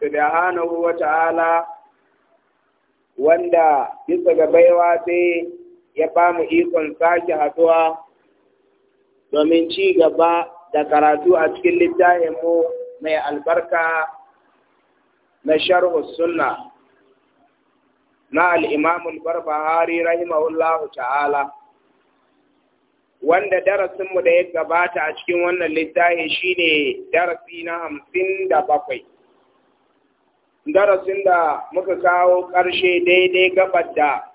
subhanahu wa ta'ala wanda bisa ga baiwa sai ya ba ikon sake haduwa domin ci gaba da karatu a cikin littafinmu mai albarka na sharhu sunna na al'imamun barbahari rahimahullahu ta'ala wanda darasinmu da ya gabata a cikin wannan littafin shine darasi na hamsin da bakwai darasin da muka kawo ƙarshe daidai gabar da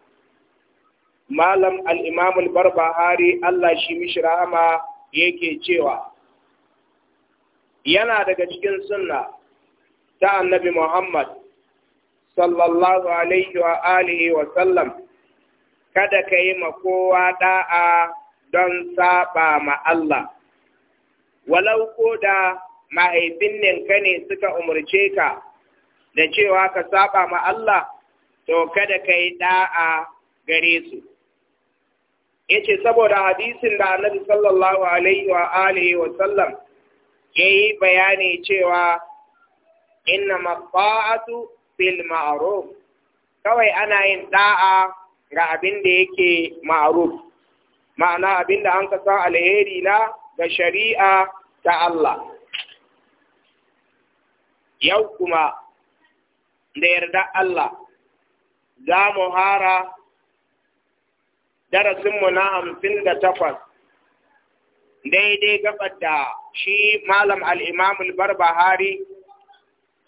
malam al'imam al-barbahari Allah shi mishi rahama yake cewa yana daga cikin sunna ta annabi Muhammad sallallahu alaihi wa alihi wa sallam kada ka yi ma kowa da'a don saba ma Allah walau ko da mahaifinninka ne suka umarce ka da cewa ka saba ma Allah to kada ka yi da'a gare su yace saboda hadisin da Annabi sallallahu alaihi wa alihi wa sallam yayi bayani cewa inna mafa'atu fil ma'ruf kawai ana yin da'a ga abin da yake ma'ruf ma'ana abin da an kasa alheri na ga shari'a ta Allah yau kuma da yarda Allah za mu hara darasinmu na hamsin da takwas daidai gabar da shi malam al'imamul barbahari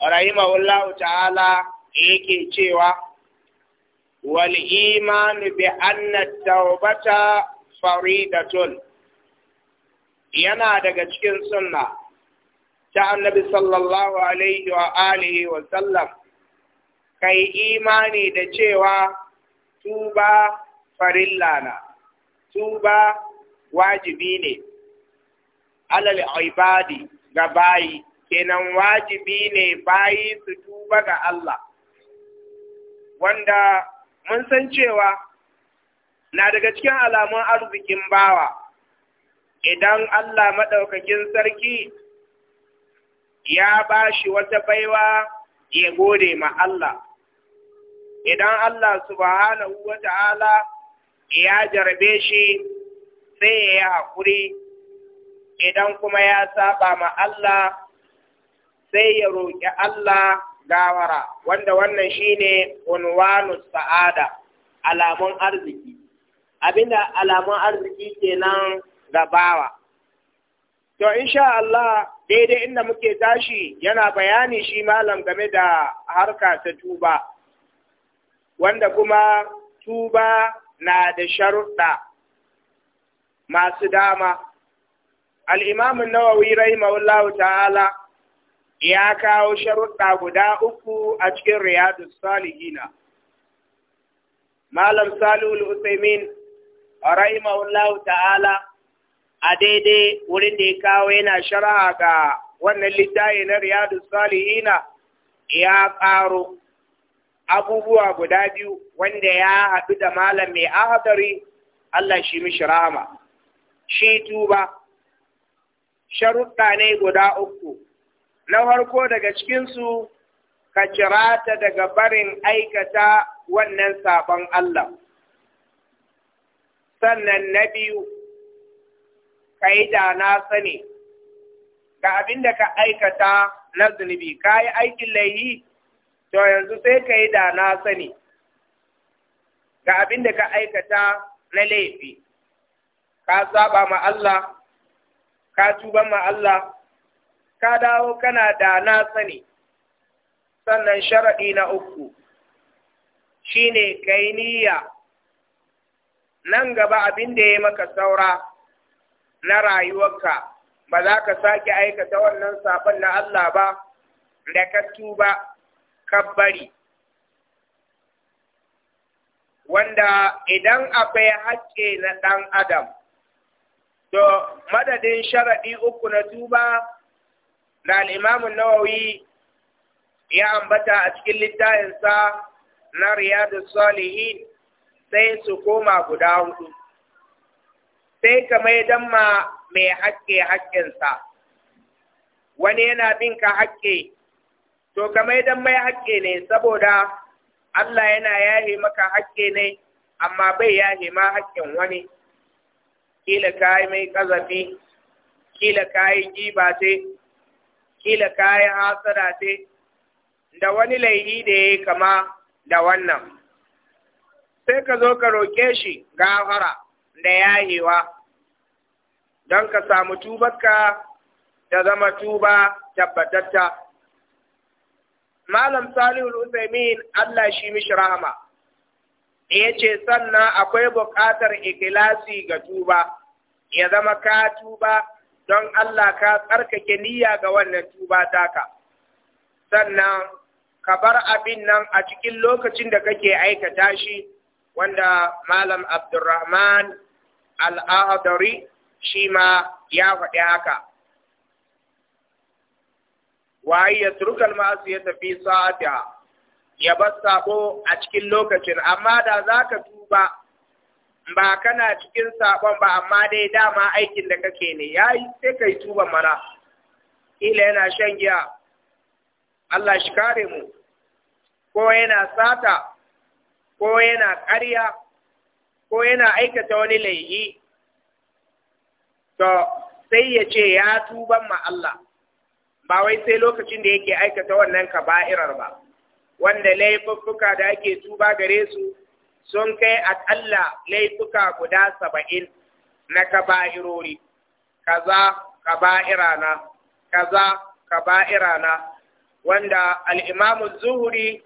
rahimahullahu ta'ala yake cewa wal imanu bi anna taubata yana daga cikin sunna ta annabi sallallahu alaihi wa alihi wa sallam ka imani da cewa tuba farilla na tuba wajibi ne alal ibadi ga bayi kenan wajibi ne bayi su tuba ga Allah wanda mun san cewa na daga cikin alamun arzikin bawa idan Allah maɗaukakin sarki ya bashi wata baiwa ya gode ma Allah idan Allah subhanahu wa ta'ala ya jarbe shi sai ya yi haƙuri, idan kuma ya saba ma Allah sai ya roƙi Allah gawara, wanda wannan shine unwanu sa'ada, alamun arziki. Abinda alamun arziki ke nan gabawa. To, insha Allah, daidai inda muke tashi yana bayani shi malam game da harka ta tuba. wanda kuma tuba na da sharuɗa masu dama. Al'imamin nawawi rahimahullahu ta'ala ya kawo sharuɗa guda uku a cikin riyadu salihina. Malam Salihul Usaimin rahimahullahu ta'ala a daidai wurin da ya kawo yana shara'a ga wannan littaye na riyadu salihina ya ƙaro. abubuwa guda biyu wanda ya haɗu da malam mai ahadari Allah shi mishi rahama shi tuba sharuɗa ne guda uku na farko daga cikinsu ka kira ta daga barin aikata wannan sabon Allah sannan na biyu ka yi da na sani ga abin da ka aikata na zunubi ka yi aikin laihi to yanzu sai ka yi da na sani ga abin da ka aikata na laifi ka saba ma Allah ka tuba ma Allah ka dawo kana da na sani sannan sharaɗi na uku shine kai niyya nan gaba abin da ya maka saura na rayuwarka ba za ka sake aikata wannan sabon na Allah ba da ka tuba kabbari wanda idan akwai haƙƙi na ɗan adam to madadin sharaɗi uku na tuba da al'imamun nawawi ya ambata a cikin littayensa na riyadu salihin sai su koma guda hudu sai ka maidan ma mai haƙƙe sa. wani yana bin ka haƙƙe to ka maidan mai haƙƙi ne saboda Allah yana yahe maka haƙƙi ne amma bai yahe ma haƙƙin wani kila ka yi mai ƙazafi kila ka yi giba ce kila ka yi hasara ce da wani laihi da ya kama da wannan sai ka zo ka roƙe shi gafara da yahewa don ka samu tubarka da zama tuba tabbatatta malam salihul usaimin Allah shi mishi rahama yace ce sannan akwai buƙatar ikhlasi ga tuba ya zama ka tuba don Allah ka tsarkake niyya ga wannan tuba taka sannan ka bar abin nan a cikin lokacin da kake aikata shi wanda malam abdurrahman al'adari shi ma ya faɗi haka Waye ya turka ma'asu ya tafi sa'ata ya bar sabo a cikin lokacin amma da zaka tuba ba kana cikin sabon ba amma dai dama aikin da kake ne yayi sai kai tuba mara. ila yana shan giya Allah shi kare mu ko yana sata ko yana ƙarya ko yana aikata wani laihi to sai ya ce ya tuban ma Allah ba wai sai lokacin da yake aikata wannan kaba'irar ba wanda laifuffuka da ake tuba gare su sun kai aƙalla laifuka guda saba'in na kaba'irori kaza kaba'ira na kaza kaba'ira na wanda al'imamu zuhuri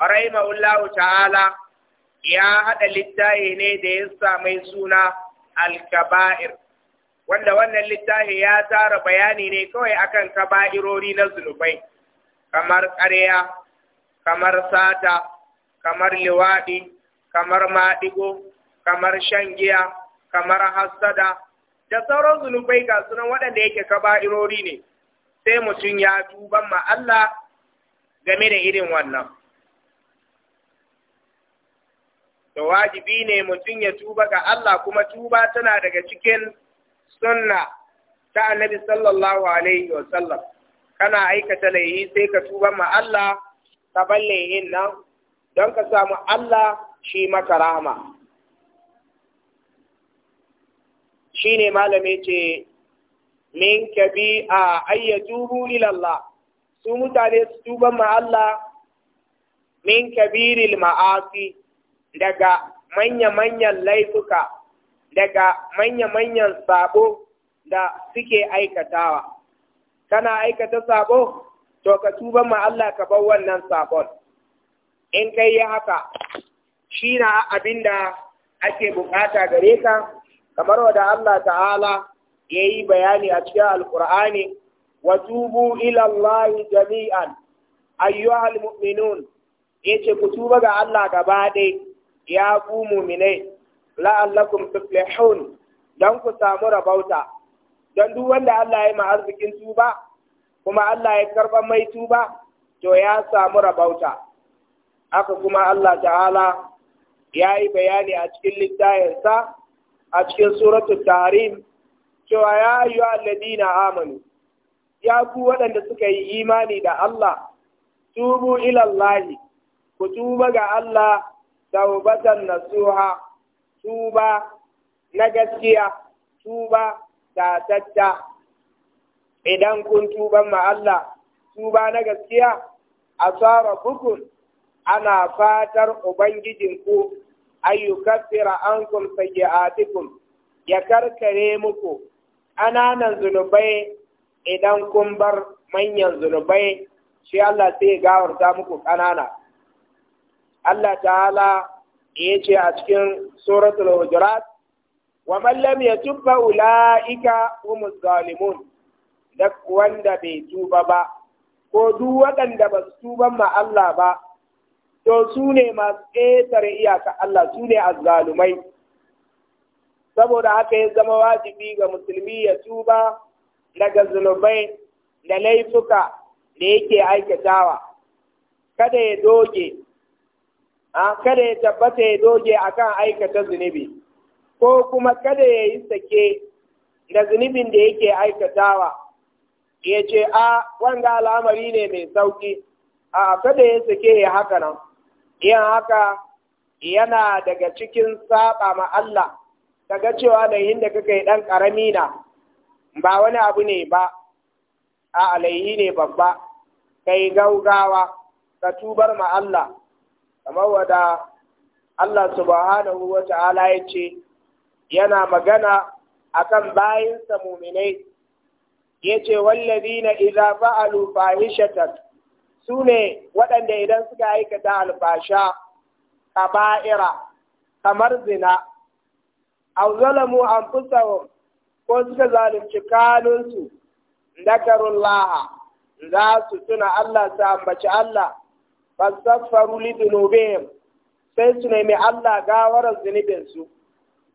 rahimahullahu ta'ala ya haɗa littafi ne da ya mai suna al wanda wannan littafi ya tara bayani ne kawai akan kaba'irori na zunubai kamar ƙarya kamar sata kamar liwaɗi kamar maɗigo kamar shan giya kamar hassada da sauran zunubai ga sunan waɗanda yake kaba'irori ne sai mutum ya tuban ma Allah game da irin wannan da wajibi ne mutum ya tuba ga Allah kuma tuba tana daga cikin sunna ta annabi sallallahu alaihi wa sallam kana aikata laihi sai ka tuba ma Allah ka bar laihin nan don ka samu Allah shi maka rahama ne malami ce min kabi a ayyatubu ila su mutane su tuba ma Allah min kabiril ma'asi daga manya-manyan laifuka daga manya-manyan sabo da suke aikatawa. Kana aikata sabo, to ka tuba ma Allah ka bar wannan sabon. In kai yi haka, shi na abin da ake bukata gare ka, kamar wada Allah ta'ala ya yi bayani a cikin Alƙur'ani, wa tubu ilallahi jami'an, ayyuhal mu'minun, ya ce ku tuba ga Allah gaba ɗaya, ya ku muminai. la'allakum tuflihun dan ku samu rabauta dan duk wanda Allah ya ma arzikin tuba kuma Allah ya karban mai tuba to ya samu rabauta aka kuma Allah ta'ala ya yi bayani a cikin littafinsa a cikin suratul tarim cewa ya wa alladina amanu ya ku waɗanda suka yi imani da Allah tubu ilallahi ku tuba ga Allah tawbatan nasuha tuba na gaskiya tuba tatatta idan kun tuba ma Allah tuba na gaskiya asara bukun ana fatar ubangijinku ayyukaffira ankum sayyi'atikum ya karkare muku ƙananan zunubai idan kun bar manyan zunubai shi Allah sai gawarta muku ƙanana Allah ta'ala ce a cikin suratul hujurat wa man lam yatub fa ulaika humuz zalimun duk wanda bai tuba ba ko duk waɗanda ba su tuba ma Allah ba to su ne masu ƙetare iyaka Allah su ne azzalumai saboda haka ya zama wajibi ga musulmi ya tuba daga zunubai da laifuka da yake aikatawa kada ya doge kada ya tabbata ya doge akan aikata zunubi ko kuma kada ya yi sake da zunubin da yake aikatawa ya ce a wanda al'amari ne mai sauki a kada ya sake ya haka nan yin haka yana daga cikin saba ma Allah ga cewa da inda kaka yi ɗan ƙarami na ba wani abu ne ba a alayhi ne babba kai gaugawa ka tubar ma Allah kamar wada Allah subhanahu wa ta'ala ya ce yana magana a akan bayansa muminai ya ce wallazina idza fa'alu fahishatan su ne waɗanda idan suka aikata alfasha kaba'ira kamar zina aw zalamu anfusahum ko suka zalunci kanunsu laha, za su tuna Allah su ambaci Allah fastaghfaru li dhunubihim sai su nemi Allah gawarar zunubinsu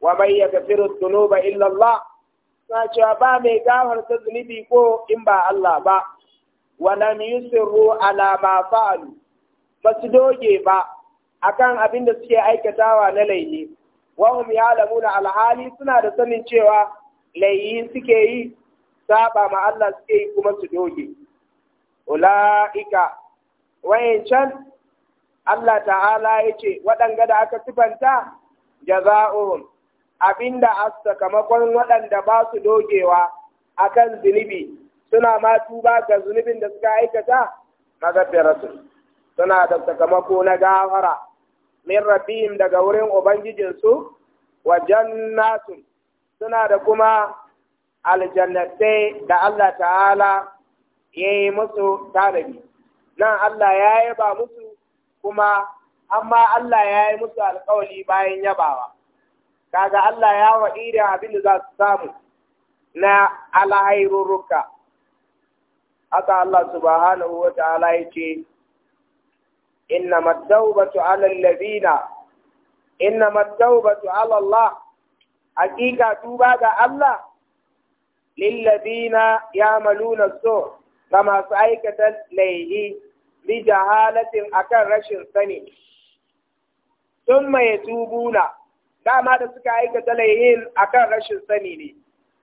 wa mai ya gafiru zunuba illa na cewa ba mai ta zunubi ko in ba Allah ba wa lam yusirru ala ma fa'alu ba su doge ba akan abin da suke aikatawa na laifi ya lamu ya'lamuna alhali suna da sanin cewa laifi suke yi saba ma Allah suke yi kuma su doge ulaika wayancan Allah ta'ala ya ce waɗanga da aka sifanta jaza'uhum abinda a sakamakon waɗanda ba su dogewa akan zunubi suna ma tuba ga zunubin da suka aikata magafiratu suna da sakamako na gafara min rabbihim daga wurin ubangijinsu wa jannatun suna da kuma aljannatai da Allah ta'ala ya yi musu tanadi. nan Allah ya yaba musu kuma amma Allah ya yi musu alƙawali bayan yabawa kaga Allah ya wa irin abin da za su samu na alhairurruka haka Allah subhanahu wa ta'ala ya ce inna إنما التوبة على الذين إنما التوبة على الله حقيقة Allah? الله للذين يعملون السوء ga masu aikata laihi bi jahalatin akan rashin sani sun mai tubuna dama da suka aikata laihin akan rashin sani ne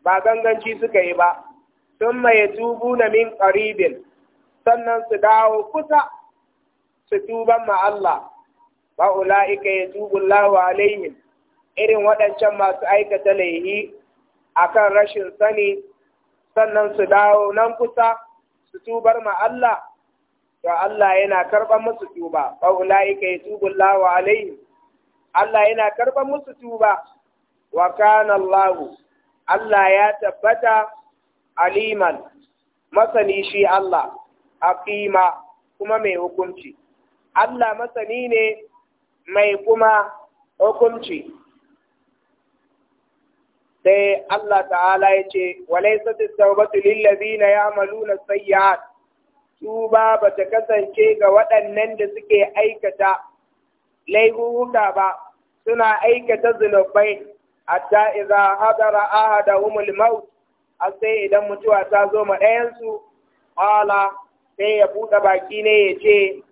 ba ganganci suka yi ba sun mai tubuna min karibin sannan su dawo kusa su tuban ma Allah ba ula'ika tubu Allahu alaihim irin waɗancan masu aikata laihi akan rashin sani sannan su dawo nan kusa su tubar ma Allah to Allah yana karban musu tuba yi ulaika lawa alaihim Allah yana karɓar musu tuba wa kana Allah Allah ya tabbata aliman masani shi Allah aqima kuma mai hukunci Allah masani ne mai kuma hukunci sai Allah ta'ala ya ce walaisa tawbatu lil ladina ya'maluna sayyi'at tuba ba ta kasance ga waɗannan da suke aikata laifuka ba suna aikata zunubai hatta idza hadara ahadahum al-maut sai idan mutuwa ta zo ma ɗayan su sai ya buɗe baki ne ya ce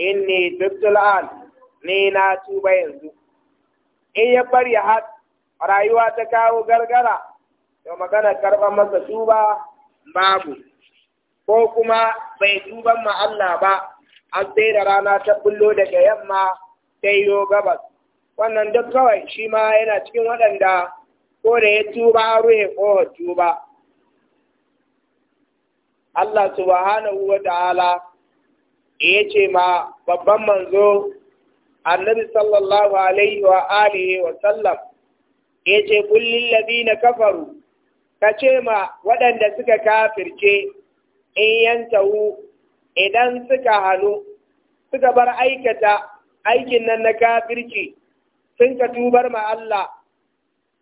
inni tubtul an ni na tuba yanzu in ya bari har rayuwa ta kawo gargara da magana karɓar masa tuba babu ko kuma bai tuban ma Allah ba an sai da rana ta bullo daga yamma ta yo gabas wannan duk kawai shi ma yana cikin waɗanda ko da ya tuba ruhe ko tuba Allah subhanahu wa ta'ala ya ce ma babban manzo annabi sallallahu alaihi wa alihi wa sallam Ya ce kullum labina kafaru ka ce ma waɗanda suka kafirce in yantahu idan suka hannu suka bar aikata aikin nan na kafirci sun ka tubar ma Allah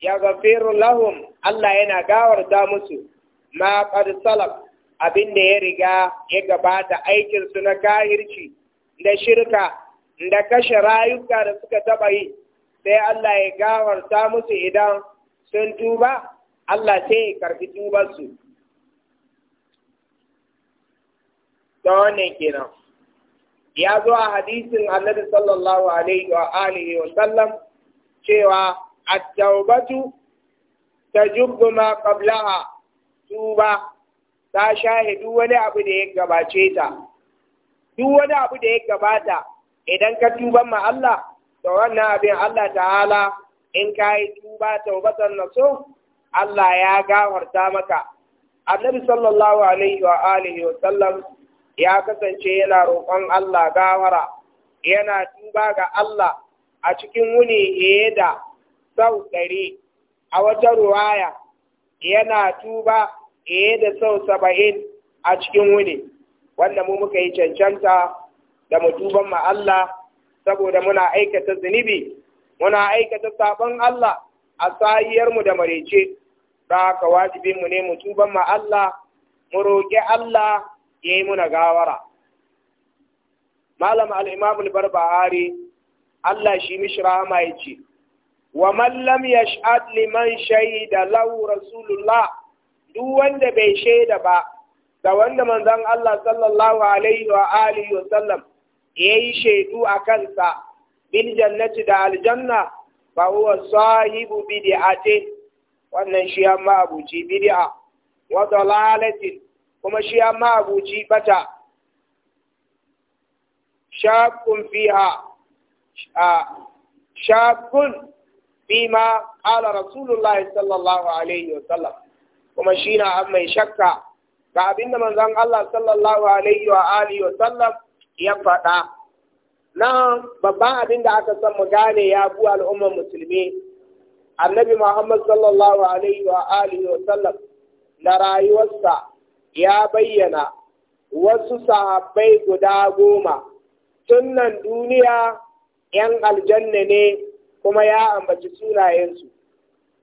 ya gafiru lahum Allah yana gawarta musu ma qad salaf abin da ya riga ya gabata aikin su na kahirci da shirka da kashe rayuka da suka taba yi sai Allah ya gafarta musu idan sun tuba Allah sai ya karfi tubarsu ta wannan kenan ya zo a hadisin Allah sallallahu alaihi wa alihi wa sallam cewa a taubatu tajubbu ma qablaha tuba ta shahidu wani abu da ya gabace ta duk wani abu da ya gabata idan ka tuban ma Allah to wannan abin Allah ta'ala in ka yi tuba taubatan naso Allah ya gawarta maka annabi sallallahu alaihi wa alihi wa sallam ya kasance yana roƙon Allah gawara yana tuba ga Allah a cikin wuni da sau ɗari a wata ruwaya yana tuba fiye da sau saba'in a cikin wuni wanda mu muka yi cancanta da mu tuban ma Allah saboda muna aikata zunubi muna aikata sabon Allah a sayiyar mu da marece da haka mu ne mu tuban ma Allah mu roƙi Allah ya yi muna gawara malam al-imam al-barbahari Allah shi mishra ma yace wa man lam yash'ad liman shahida law rasulullah duk wanda bai shaida ba da wanda manzon Allah sallallahu alaihi wa alihi wa sallam yayi shaidu a kansa bil jannati da aljanna fa huwa sahibu bid'ati wannan shi amma abuci bid'a wa dalalati kuma shi amma abuci bata shakun fiha shakun fima qala rasulullahi sallallahu alaihi wa sallam kuma shi na mai shakka ga abinda manzon Allah sallallahu alaihi wa alihi wa sallam ya faɗa na babban abin da aka san mu gane ya bu al'ummar musulmi annabi muhammad sallallahu alaihi wa alihi wa sallam da rayuwarsa ya bayyana wasu sahabbai guda goma tun nan duniya yan aljanna ne kuma ya ambaci sunayensu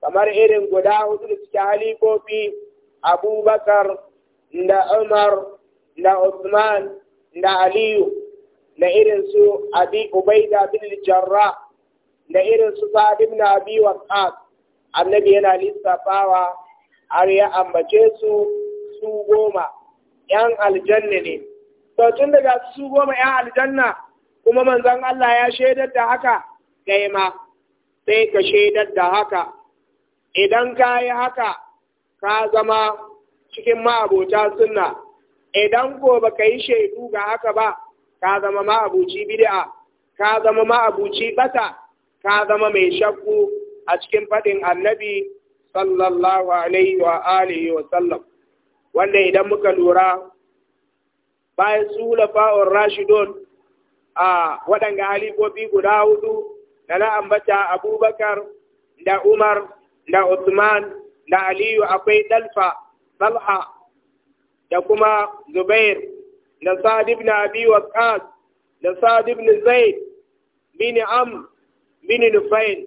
kamar irin guda hudu da cikin halifofi abubakar da umar da usman na Aliyu na irin su Abi Ubaida bin Jarra, na irin su na Abi Wakas, annabi yana lissafawa har ya ambace su su goma ‘yan aljanna ne. Sautun tun daga su goma ‘yan aljanna kuma manzon Allah ya shaidar da haka kai ma sai ka shaidar da haka. Idan ka yi haka ka zama cikin ma'abota suna. idan ko baka yi shaidu ga haka ba ka zama ma'abuci bid'a ka zama ma'abuci bata ka zama mai shakku a cikin faɗin annabi sallallahu alaihi wa alihi wa sallam wanda idan muka lura bayan sula faon Rashidon a waɗanga halifofi guda hudu da na ambata abubakar da umar da usman da aliyu akwai ɗalfa talha da kuma Zubair da Sa'ad ibn wa Waqqas da Sa'ad ibn Zaid bin Am bin Nufail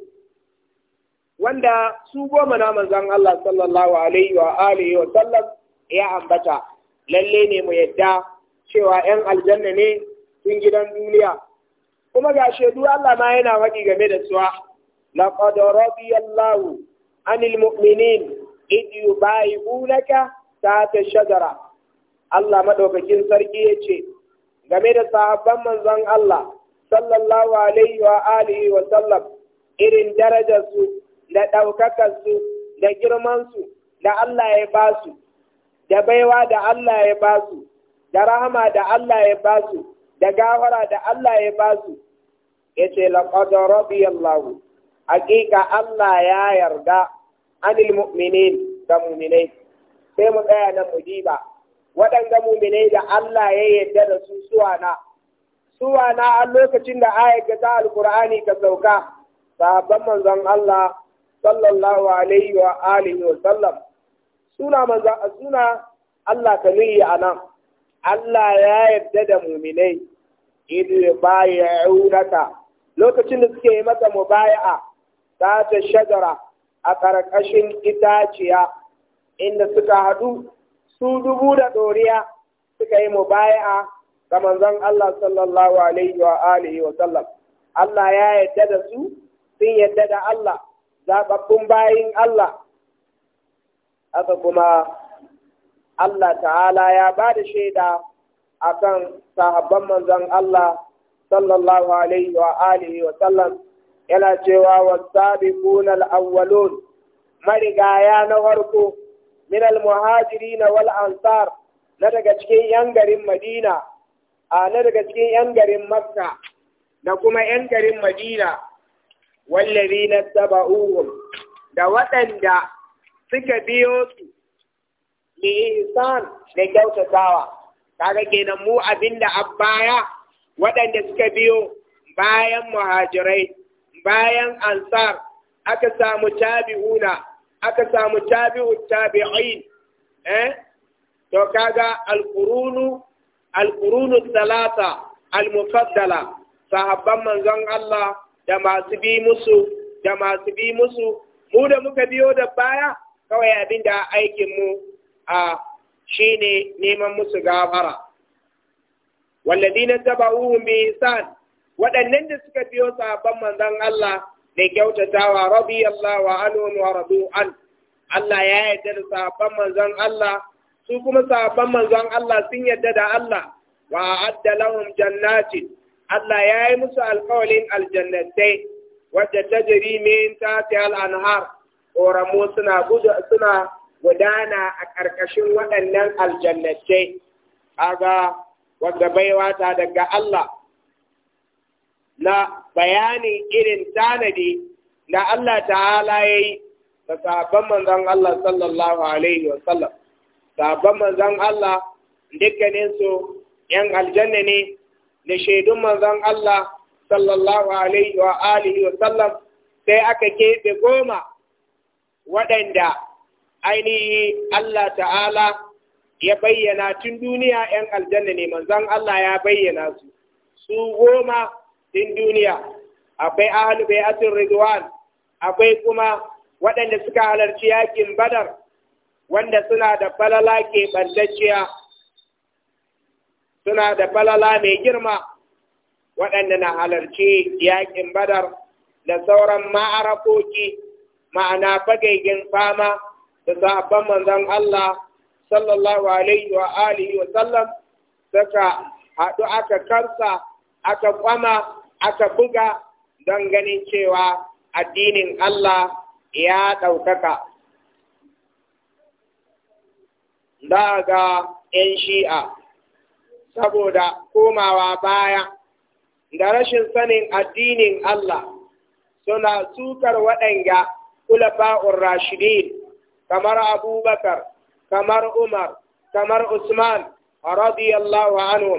wanda su goma na manzan Allah sallallahu alaihi wa alihi wa sallam ya ambata lalle ne mu yadda cewa 'yan aljanna ne tun gidan duniya kuma ga shaidu Allah ma yana waɗi game da suwa laqad radiyallahu anil mu'minin id yubayi'unaka ta shajara Allah maɗaukakin sarki ya ce game da sahabban manzon Allah sallallahu alaihi wa alihi wa sallam irin darajarsu da ɗaukakarsu da girmansu da Allah ya ba su da baiwa da Allah ya ba su da rahama da Allah ya ba su da gawara da Allah ya ba su ya ce laƙadar rabiyallahu hakika Allah ya yarda anil mu'minin ga mu'minai sai mu tsaya na mujiba waɗanda muminai da Allah ya yarda da su suwana na a lokacin da ayat ta ka sauka sabon manzon Allah sallallahu alaihi wa alihi wa sallam suna manzon suna Allah ka nuyi anan Allah ya yarda da muminai idu bayi'unaka lokacin da suke maka mubaya'a ta ta shagara a ƙarƙashin itaciya inda suka haɗu su dubu da ɗoriya suka yi mubaya'a ga manzon Allah sallallahu alaihi wa alihi wa sallam Allah ya yadda da su sun yadda da Allah zababbun bayin Allah haka kuma Allah ta'ala ya ba da shaida a kan sahabban manzon Allah sallallahu alaihi wa alihi wa sallam yana cewa wasabiquna al-awwalun marigaya na farko min al-muhajirin wal ansar na daga cikin yan garin Madina a na daga cikin yan garin Makka da kuma yan garin Madina wallazina tabauhum da waɗanda suka biyo su bi ihsan da kyautatawa kaga kenan mu abinda abaya waɗanda suka biyo bayan muhajirai bayan ansar aka samu tabi'una aka samu tabi'u tabi'in eh to kaga al-qurunu al-qurunu al-mufaddala sahabban manzon Allah da masu bi musu da masu bi musu mu da muka biyo da baya kawai abinda da aikin mu a shine neman musu gafara walladina tabauhum bi ihsan waɗannan da suka biyo sahabban manzon Allah mai kyautatawa rabi anhum wa radu an Allah ya yarda da sahabban manzon Allah su kuma sahabban manzon Allah sun yarda da Allah wa a'adda lahum jannatin Allah ya yi musu alƙawalin aljannatai wadda ta jiri min ta al-anhar ƙoramu suna suna gudana a ƙarƙashin waɗannan aljannatai kaga wadda baiwa ta daga Allah na bayani irin tanadi da Allah ta'ala ya yi da sabon manzan Allah sallallahu alaihi wasallam Sabon manzan Allah dukkaninsu ‘yan aljanna ne da shaidun manzan Allah sallallahu alaihi wa alihi wasallam sai aka keɓe goma waɗanda ainihi Allah ta'ala ya bayyana tun duniya ‘yan aljanna ne manzan Allah ya bayyana su su goma din duniya akwai ahlu bai'atul ridwan akwai kuma waɗanda suka halarci yakin badar wanda suna da falala ke suna da falala mai girma waɗanda na halarci yakin badar da sauran ma'arakoki ma'ana fagegen fama da sahabban manzon Allah sallallahu alaihi wa alihi wa sallam suka haɗu aka karsa aka kwama aka buga don ganin cewa addinin Allah ya ɗaukaka. Daga ‘yan shi'a, saboda komawa baya da rashin sanin addinin Allah suna sukar waɗanda kulafa'ur rashidin kamar Abubakar, kamar Umar, kamar Usman, radiyallahu anhu,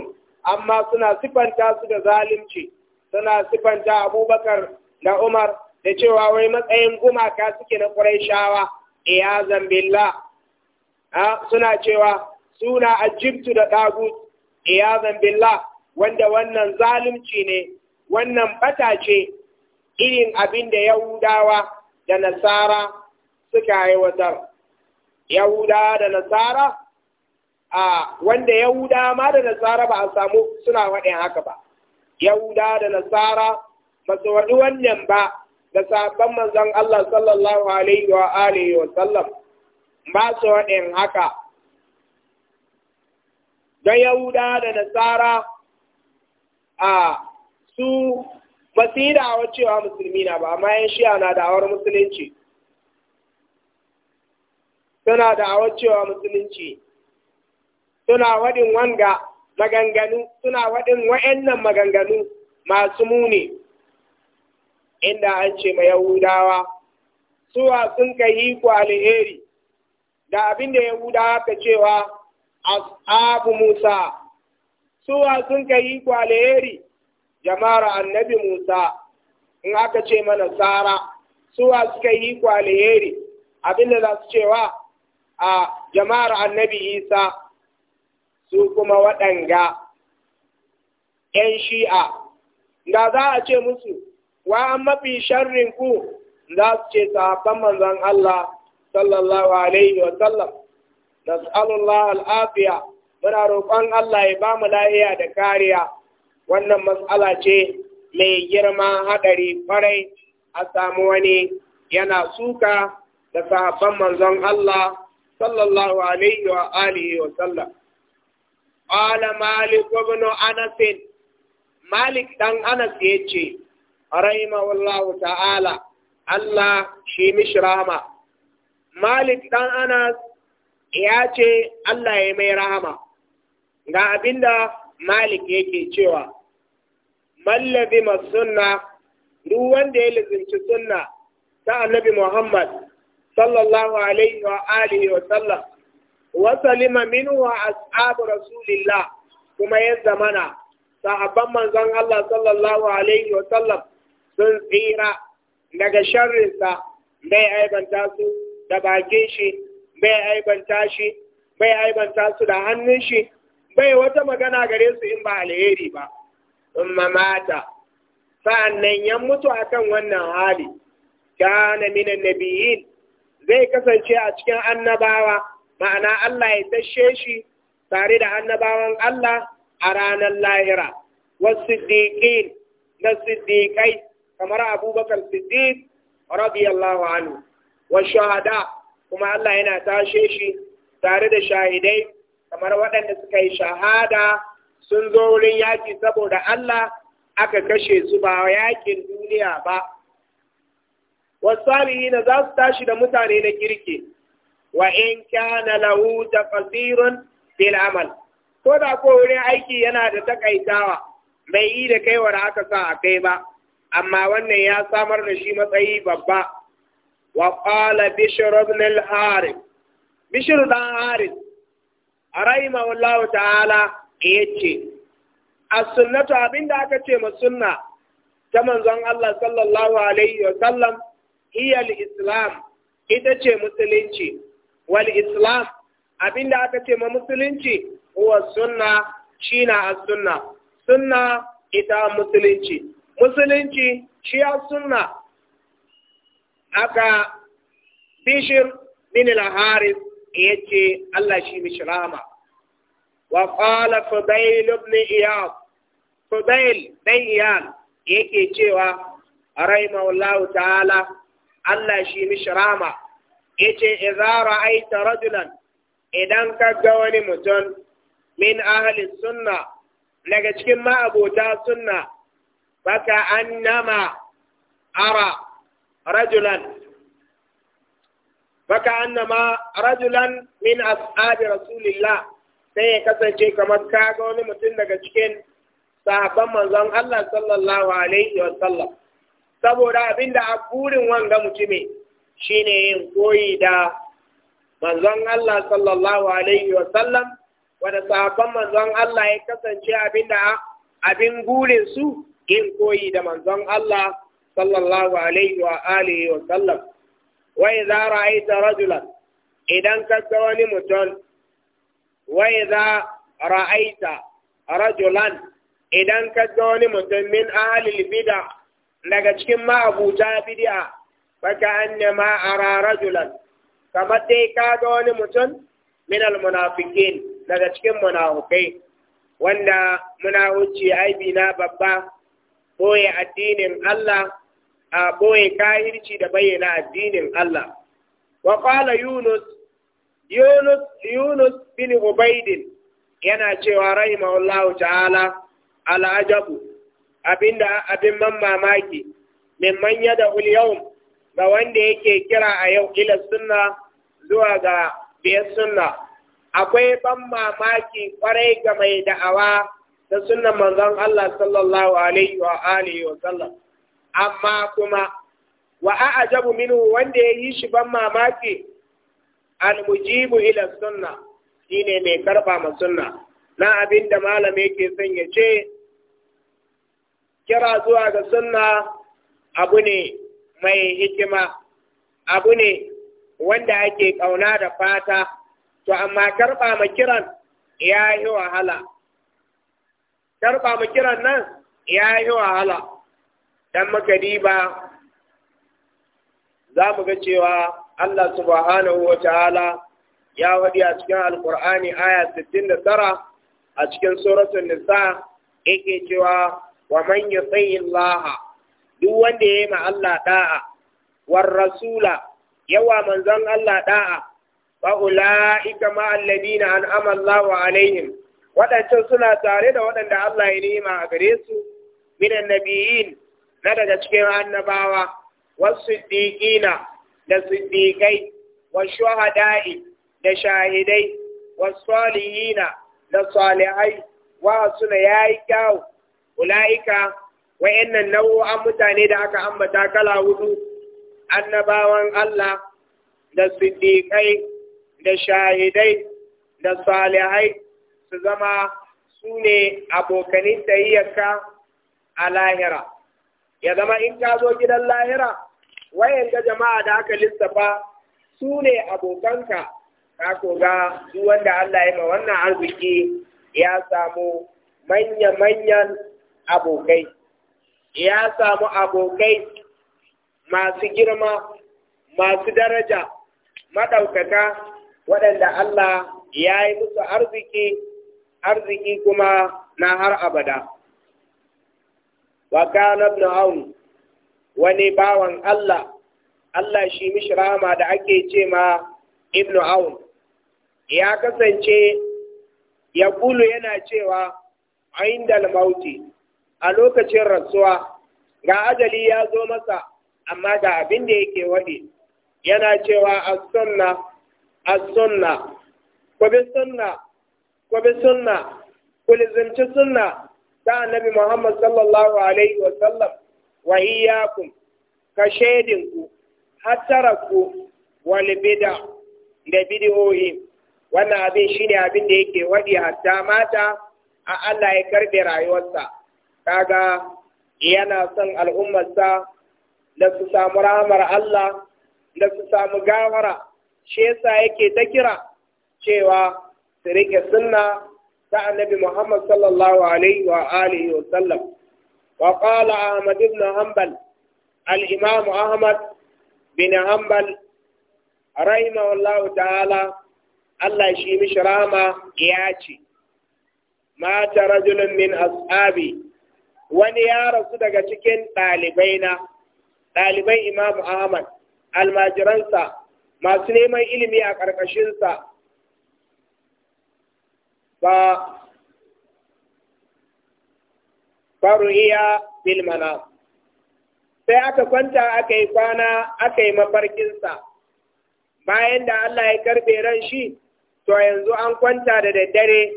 amma suna sifanta su da zalunci. suna sifanta abubakar da umar da cewa wai matsayin gumaka suke na ƙuraishawa iyazan zambilla suna cewa suna ajibtu da ɗagu iyazan zambilla wanda wannan zalunci ne wannan batace irin abin da yahudawa da nasara suka aiwatar yahudawa da nasara a wanda yahudawa ma da nasara ba a samu suna waɗin haka ba yahuda da nasara ba su waɗi wannan ba da sabon manzon Allah sallallahu alaihi wa alihi wa sallam ba su waɗin haka don yahuda da nasara a su ba su yi da'awar cewa musulmi na ba amma yan shi'a na da'awar musulunci suna da'awar cewa musulunci suna waɗin wanga maganganu suna waɗin wa'annan maganganu masu muni inda an ce ma Yahudawa suwa sun ka yi ku alheri da abin da Yahudawa ka cewa abu Musa suwa sun ka yi ku alheri jama'ar annabi Musa in aka ce mana Sara suwa suka yi ku alheri abin da za su cewa a jama'ar annabi Isa su kuma waɗanga ‘yan shi'a, da za a ce musu, wa an mafi sharrin ku za su ce sahabban manzan Allah sallallahu alaihi wa sallam, nas'alullah al'afiya, muna roƙon Allah ya ba mu lahiya da kariya, wannan matsala ce mai girma haɗari farai a samu wani yana suka da sahabban manzon Allah sallallahu alaihi wa sallam. Ƙwala Malik ibn Anas Malik dan Anas ya ce, Rahimahullahu ta'ala, Allah shi mishrama. Malik dan Anas ya ce Allah ya mai rahama. Ga abinda Malik yake cewa, Mallabi sunna duk wanda ya lizinci sunna ta annabi Muhammad sallallahu alaihi wa alihi wa sallam. wasalima wa ashabu rasulillah kuma ya zamana sahabban manzon Allah sallallahu alaihi wa sallam sun tsira daga sharrinsa bai aibanta su da bakin shi bai aibanta shi bai aibanta su da hannun shi bai wata magana gare su in ba alheri ba mata, mamata sa'annan ya mutu akan wannan hali kana minan Nabiyin zai kasance a cikin annabawa ma'ana Allah ya tashe shi tare da annabawan Allah a ranar lahira Wasu wasiddiqin na siddiƙai kamar abubakar siddiq radiyallahu anhu wa shahada kuma Allah yana tashe shi tare da shahidai kamar waɗanda suka yi shahada sun zo wurin yaƙi saboda Allah aka kashe su ba yaƙin duniya ba Wasu wasalihi na za su tashi da mutane na kirki wa in kana lahu taqsirun fil amal ko da ko wurin aiki yana da takaitawa bai yi da kaiwar aka sa a kai ba amma wannan ya samar da shi matsayi babba wa qala bishr ibn al harith bishr dan harith rahimahullahu ta'ala yace as-sunnatu abinda aka ce ma sunna ta manzon Allah sallallahu alaihi wa sallam hiya al-islam ita ce musulunci wal islam abinda aka ce ma musulunci huwa sunna shine as-sunna sunna ita musulunci musulunci shi as-sunna aka bishir min al-haris yace Allah shi mishi rahama wa qala fudail ibn iyad fudail dan iyad yake cewa rahimahullahu ta'ala Allah shi mishi rahama yace idza ra'aita rajulan idan ka ga wani mutum min ahli sunna daga cikin ma'abota sunna baka annama ara rajulan baka annama rajulan min ashabi rasulillah sai ya kasance kamar ka ga wani mutum daga cikin sahabban manzon Allah sallallahu alaihi wa sallam saboda abinda a burin wanga mutume Shi ne yin koyi da manzon Allah sallallahu alaihi wa sallam wanda sahabban manzon Allah ya kasance da abin gurin su yin koyi da manzon Allah sallallahu alaihi wa alihi wa sallam a idza ra'aita rajulan idan ka ga wani mutum wa idza ra'aita rajulan idan ka ga wani mutum min ahlil bid'a daga cikin ma'abuta bid'a Baka faka a ara rajulan kamar dai ka ga wani mutum min almunafiqin daga cikin munafukai wanda muna wuce aibi na babba boye addinin Allah a boye kahirci da bayyana addinin Allah wa qala yunus yunus yunus bin ubaidin yana cewa rahimahullahu ta'ala al'ajabu abinda abin man mamaki mimman yada ul ga wanda yake kira a yau ila sunna zuwa ga biyar sunna akwai ban mamaki kwarai ga mai da'awa ta sunna manzon Allah sallallahu alaihi wa alihi wa sallam amma kuma wa a'jabu minhu wanda ya yi shi ban mamaki almujibu ila sunna shine mai karba ma sunna na abinda malam yake son ya ce kira zuwa ga sunna abu ne mai hikima abu ne wanda ake ƙauna da fata to amma karɓa ma kiran ya yi wahala karɓa ma kiran nan ya yi wahala dan muka diba za mu ga cewa Allah subhanahu wa ta'ala ya waɗi a cikin alkur'ani aya 69 a cikin suratun nisa yake cewa wa man yusayi Allah duk wanda ya yi ma Allah ɗa'a, war rasula yawa manzon Allah da'a fa ulaika ma alladina an'ama a alaihim waɗancan suna tare da waɗanda Allah ya nema a gare su minan nabiyin na daga cikin annabawa wasiddiqina da siddiqai wa shuhada'i da shahidai wa salihina da salihai wa suna yayi kyau ulaika wa'annan nau'o'an mutane da aka ambata kala hudu annabawan Allah da siddiƙai da shahidai da salihai su zama su ne abokanin tahiyyarka a lahira ya zama in ka zo gidan lahira ga jama'a da aka lissafa su ne abokanka ka koga duk wanda Allah ya ma wannan arziki ya samu manya-manyan abokai ya samu abokai masu girma masu daraja maɗaukaka waɗanda Allah ya yi musu arziki arziki kuma na har abada wa kana ibn aun wani bawan Allah Allah shi mishrama da ake ce ma ibn aun ya kasance ya kulu yana cewa inda mauti a lokacin rasuwa ga ajali ya zo masa amma ga abin da yake waɗi yana cewa as-sunna as-sunna ku bi sunna ku bi sunna ta annabi Muhammad sallallahu alaihi wa sallam wa iyyakum ka shaidinku ku, wal bid'a da bid'o'i wannan abin shine abin da yake waɗi hatta mata a Allah ya karbe rayuwarsa kaga yana son al'ummarsa da su samu ramar Allah da su samu gawara shi yasa yake ta kira cewa su rike sunna ta annabi Muhammad sallallahu alaihi wa alihi wa sallam wa qala Ahmad ibn Hanbal al-Imam Ahmad bin Hanbal rahimahullahu ta'ala Allah shi mishi rama ya ce mata rajulun min ashabi wani ya rasu daga cikin ɗalibai na ɗaliban Imam Ahmad almajiransa masu neman ilimi a ƙarƙashinsa ba faru'iya bilmana sai aka kwanta aka yi kwana aka yi mafarkinsa bayan da Allah ya karɓe ran shi to yanzu an kwanta da daddare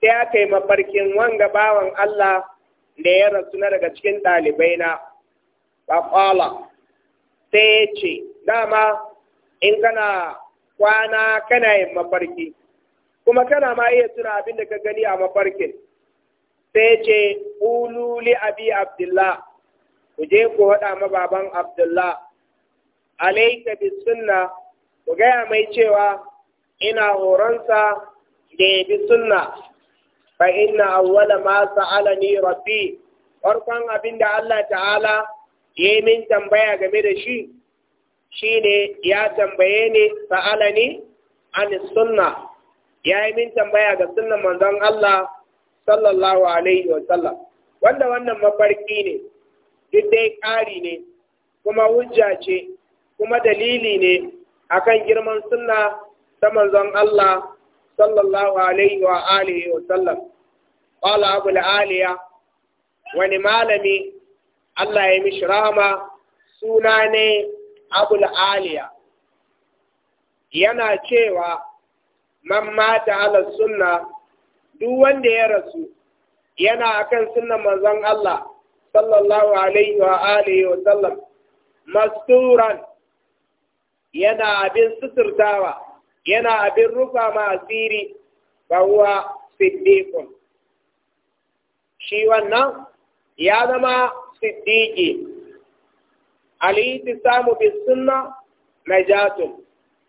sai aka yi mafarkin wanga bawan Allah da ya rasu na daga cikin ɗalibai na faƙala sai ya ce dama in kana kwana kana yin mafarki kuma kana ma iya tuna abin da ka gani a mafarkin sai ce ululi abi abdullah ku je ku haɗa ma baban abdullah alaika bi sunna ku gaya mai cewa ina horonsa da ya bi sunna fa inna awwala ma sa'alani rabbi farkon abin da Allah ta'ala ya yi min tambaya game da shi shine ya tambaye ni sa'ala sa'alani an sunna ya yi min tambaya ga sunnan manzon Allah sallallahu alaihi wa sallam wanda wannan mafarki ne duk dai ƙari ne kuma hujja ce kuma dalili ne akan girman sunna ta manzon Allah sallallahu alaihi wa alihi wa sallam qala abu aliya wani malami Allah ya mishi rama suna ne abu yana cewa man mata sunna duk wanda ya rasu yana akan sunnan manzon Allah sallallahu alaihi wa alihi wa sallam masturan yana abin suturtawa yana abin rufa ma asiri fa shi wannan ya zama siddiqi al-ittisamu bis sunna najatun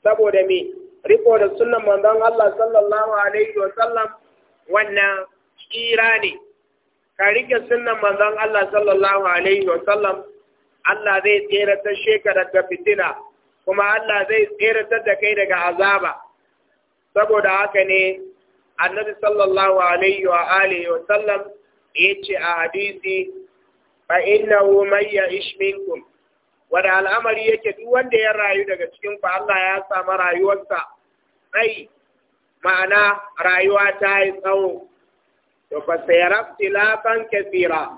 saboda me riko da sunnan manzon Allah sallallahu alaihi wa sallam wannan tsira ne ka rike sunnan manzon Allah sallallahu alaihi wa sallam Allah zai tsere ta shekara daga fitina kuma Allah zai tsere ta da kai daga azaba saboda haka ne annabi sallallahu alaihi wa wa sallam yace a hadisi fa innahu man ya'ish minkum wanda al'amari yake duk wanda ya rayu daga cikin ku Allah ya samu rayuwarsa Ai. ma'ana rayuwa ta yi tsawo to fa sayara tilafan kathira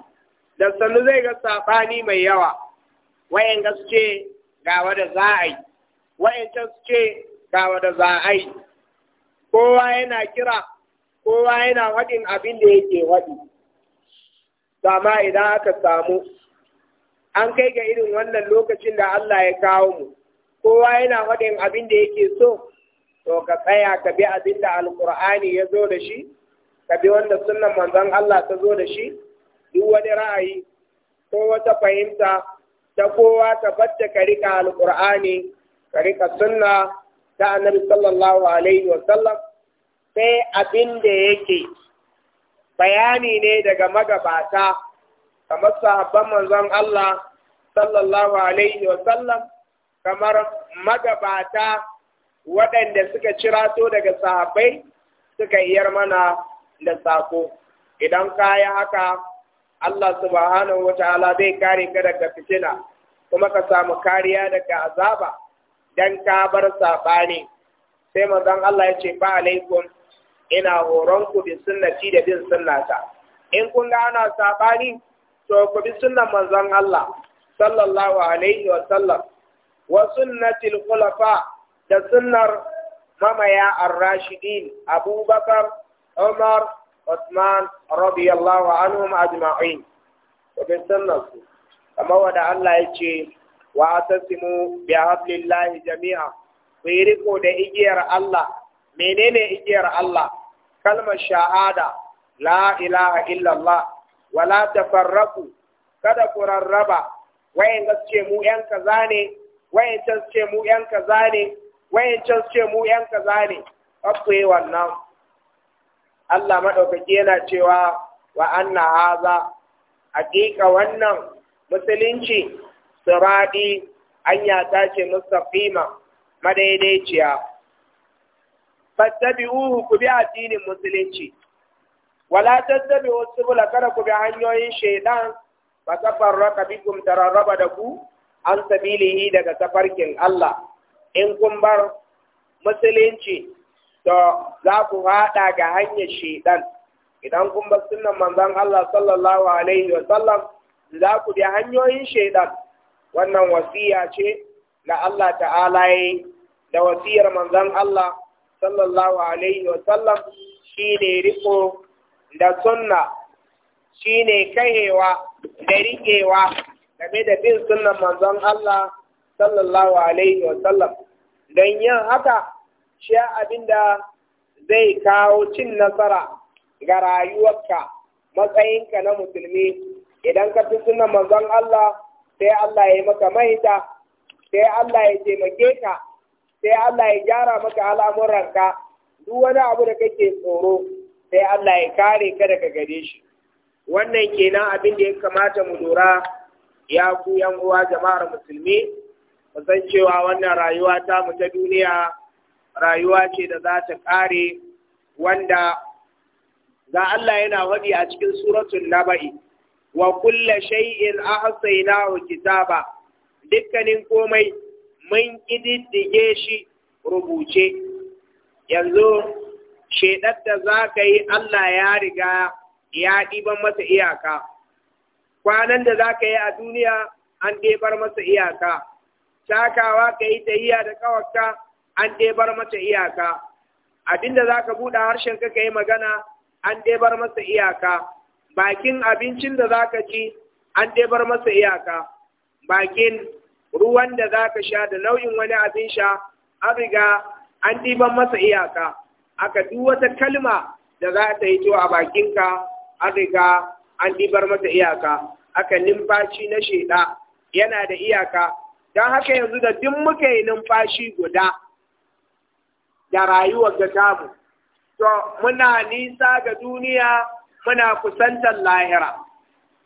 da sanu zai ga sabani mai yawa wayan gaske ga wanda za a yi wayan gaske ga wanda za a yi kowa yana kira kowa yana wadin abin da yake wadi Sama idan aka samu an kai ga irin wannan lokacin da Allah ya kawo mu kowa yana faɗin abin da yake so to ka tsaya ka bi abin da alkur'ani ya zo da shi ka bi wanda sunnan manzon Allah ta zo da shi duk wani ra'ayi ko wata fahimta ta kowa ta batta ka rika alkur'ani ka rika sunna ta annabi sallallahu alaihi wa sallam sai abin da yake bayani ne daga magabata kamar sahabban manzon Allah sallallahu alaihi wa sallam kamar magabata waɗanda suka cirato daga sahabbai suka yar mana da sako idan ka yi haka Allah subhanahu wa ta'ala zai kare ka daga fitina kuma ka samu kariya daga azaba dan ka bar saɓani sai manzon Allah ya ce ba alaikum ina horonku bi sunnati da bin sunnata in kun ga ana sabani to ku bi sunnan manzon Allah sallallahu alaihi wa sallam wa sunnatil khulafa da sunnar mamaya ar-rashidin Abubakar Umar Uthman radiyallahu anhum ajma'in wa bi sunnati kama wada Allah yace wa atasimu bi hablillahi jami'a ku riko da igiyar Allah menene igiyar Allah kalmar shahada la ilaha illallah wala tafarraku kada ku rarraba wayan da suke mu yan kaza ne wayan can suke mu yan kaza ne wayan can suke mu yan kaza ne akwai wannan Allah madaukaki yana cewa wa anna haza hakika wannan musulunci siradi anya ta ce mustaqima madaidaiciya fattabi'uhu ku bi addinin musulunci wala wasu bula kada ku bi hanyoyin shaidan fa tafarraqa bikum tararraba da ku an sabilihi daga tafarkin Allah in kun bar musulunci to za ku haɗa ga hanyar shaidan idan kun bar sunnan manzon Allah sallallahu alaihi wa sallam za ku bi hanyoyin shaidan wannan wasiya ce na Allah ta'ala yi da wasiyar manzon Allah sallallahu alaihi wa sallam ne riko da sunna shi ne kahewa da riƙewa game da bin sunnan manzon Allah sallallahu alaihi wa sallam don yin haka shi abinda zai kawo cin nasara ga rayuwarka matsayinka na musulmi idan ka fi sunan manzon Allah sai Allah ya maka mahita sai Allah ya taimake ka sai Allah ya gyara maka al'amuranka duk wani abu da kake tsoro sai Allah ya kare ka daga gare shi wannan kenan abin da ya kamata mu lura ya ku yan uwa jama'ar musulmi mu san cewa wannan rayuwa ta mu ta duniya rayuwa ce da za ta kare wanda Za Allah yana wadi a cikin suratul naba'i wa kulla shay'in ahsaynahu kitaba dukkanin komai mun ƙididdige shi rubuce yanzu shaidar da za ka yi Allah ya riga ya ɗiban masa iyaka kwanan da za ka yi a duniya an ɗebar masa iyaka takawa ka yi tahiya da kawaka an ɗebar masa iyaka abinda za ka buɗe harshen ka yi magana an ɗebar masa iyaka bakin abincin da za ka ci an ɗebar masa iyaka bakin ruwan da za ka sha da nau'in wani abin sha an riga an ɗiban masa iyaka aka duk wata kalma da za ta yi to a bakinka an riga an ɗibar masa iyaka aka numfashi na sheda yana da iyaka don haka yanzu da duk muka yi numfashi guda da rayuwar da tamu to muna nisa ga duniya muna kusantar lahira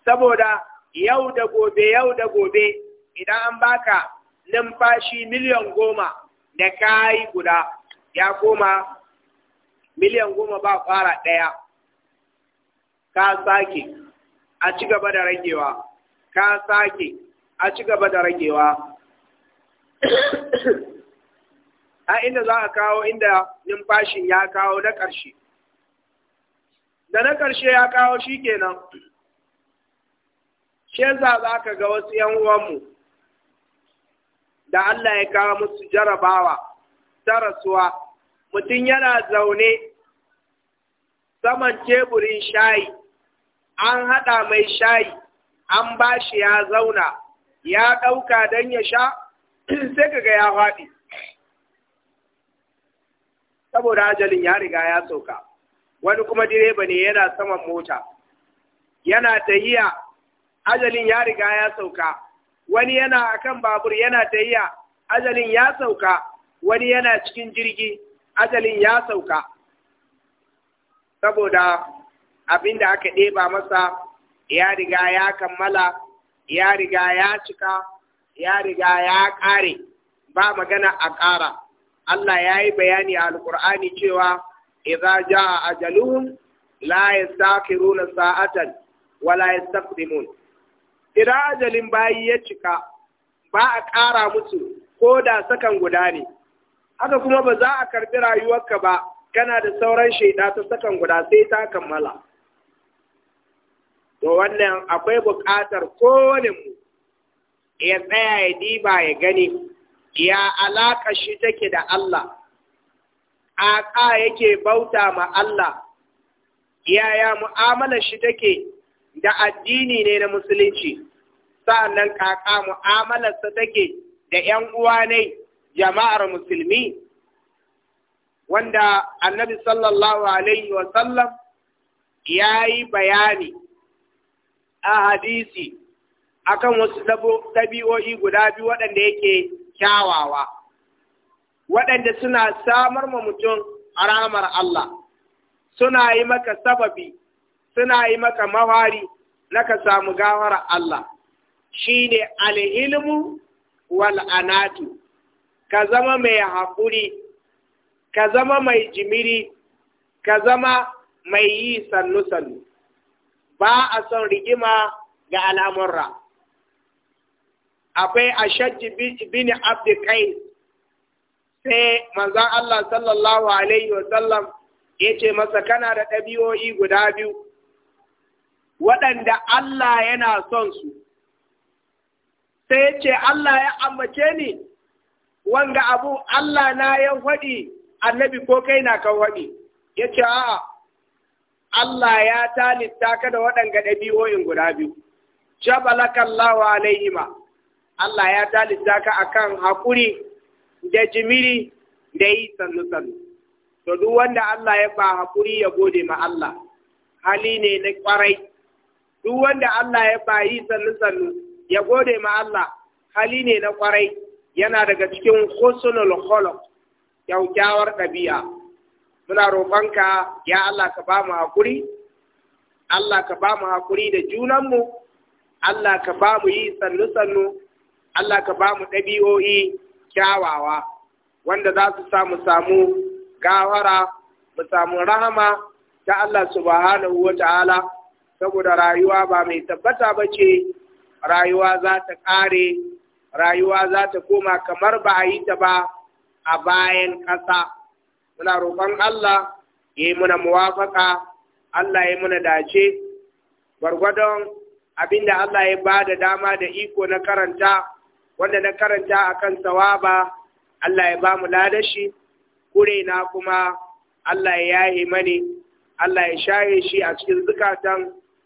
saboda yau da gobe yau da gobe idan an baka numfashi miliyan goma da kayi guda ya koma miliyan goma ba fara ɗaya ka sake a ci gaba da ragewa ka sake a ci gaba da ragewa a inda za a kawo inda numfashin ya kawo na ƙarshe da na ƙarshe ya kawo shi kenan shi za ka ga wasu 'yan uwanmu da Allah ya kawo musu jarabawa ta rasuwa mutum yana zaune saman teburin shayi an haɗa mai shayi an ba shi ya zauna ya ɗauka don ya sha sai kaga ya faɗi saboda ajalin ya riga ya sauka wani kuma direba ne yana saman mota yana tahiya ajalin ya riga ya sauka wani yana akan babur yana ta tahiya ajalin ya sauka wani yana cikin jirgi ajalin ya sauka saboda abin da aka ɗeba masa ya riga ya kammala ya riga ya cika ya riga ya ƙare ba magana a ƙara Allah ya yi bayani a alƙur'ani cewa idza jaa ajaluhum la yastakhiruna sa'atan wa la yastaqdimun idan ajalin bayi ya cika ba a ƙara mutu, ko da sakan guda ne haka kuma ba za a karɓi rayuwarka ba kana da sauran shaida ta sakan guda sai ta kammala to wannan akwai buƙatar kowane mu ya tsaya ya diba ya gani ya alaƙa shi take da Allah aƙa yake bauta ma Allah yaya mu'amalar shi take da addini ne na musulunci sa'annan kaka mu'amalarsa take da ‘yan uwa ne jama'ar musulmi wanda annabi sallallahu alaihi wasallam ya yi bayani a hadisi akan wasu ɗabi'o'i guda biyu waɗanda yake kyawawa waɗanda suna samar ma mutum ramar Allah suna yi maka sababi suna yi maka mawari na ka samu gawar Allah shi ne alhilmu wal'anatu, ka zama mai haƙuri, ka zama mai jimiri, ka zama mai yi sannu-sannu, ba a son rigima ga al'amurra. Akwai a shajji bin Abdikai sai manzan Allah sallallahu Alaihi wasallam ya ce masa kana da ɗabi'o'i guda biyu. waɗanda Allah yana son su sai ce Allah ya ambace ni wanga abu Allah na ya faɗi annabi ko kai na kan faɗi ya ce a'a Allah ya ta ka da waɗanga ɗabi'o'in guda biyu jabalakallahu alaihima Allah ya talitta ka akan haƙuri da jimiri da yi sannu-sannu. To duk wanda Allah ya ba haƙuri ya gode ma Allah, hali ne na ƙwarai duk wanda Allah ya bayi sannu sannu ya gode ma Allah hali ne na kwarai yana daga cikin husnul khuluq kyaukyawar ɗabi'a muna roƙonka ya Allah ka ba mu hakuri Allah ka ba mu hakuri da junanmu Allah ka ba mu yi sannu sannu Allah ka ba mu ɗabi'o'i kyawawa wanda za su samu samu gawara mu samu rahama ta Allah subhanahu wa ta'ala saboda rayuwa ba mai tabbata ba ce rayuwa za ta ƙare rayuwa za ta koma kamar ba a yi ta ba a bayan ƙasa muna roƙon Allah ya yi muna muwafaka Allah ya yi muna dace gwargwadon da Allah ya ba da dama da iko na karanta wanda na karanta a akan sawaba Allah ya ba mu ladashi kure na kuma Allah ya yahe mani Allah ya shaye shi a cikin zukatan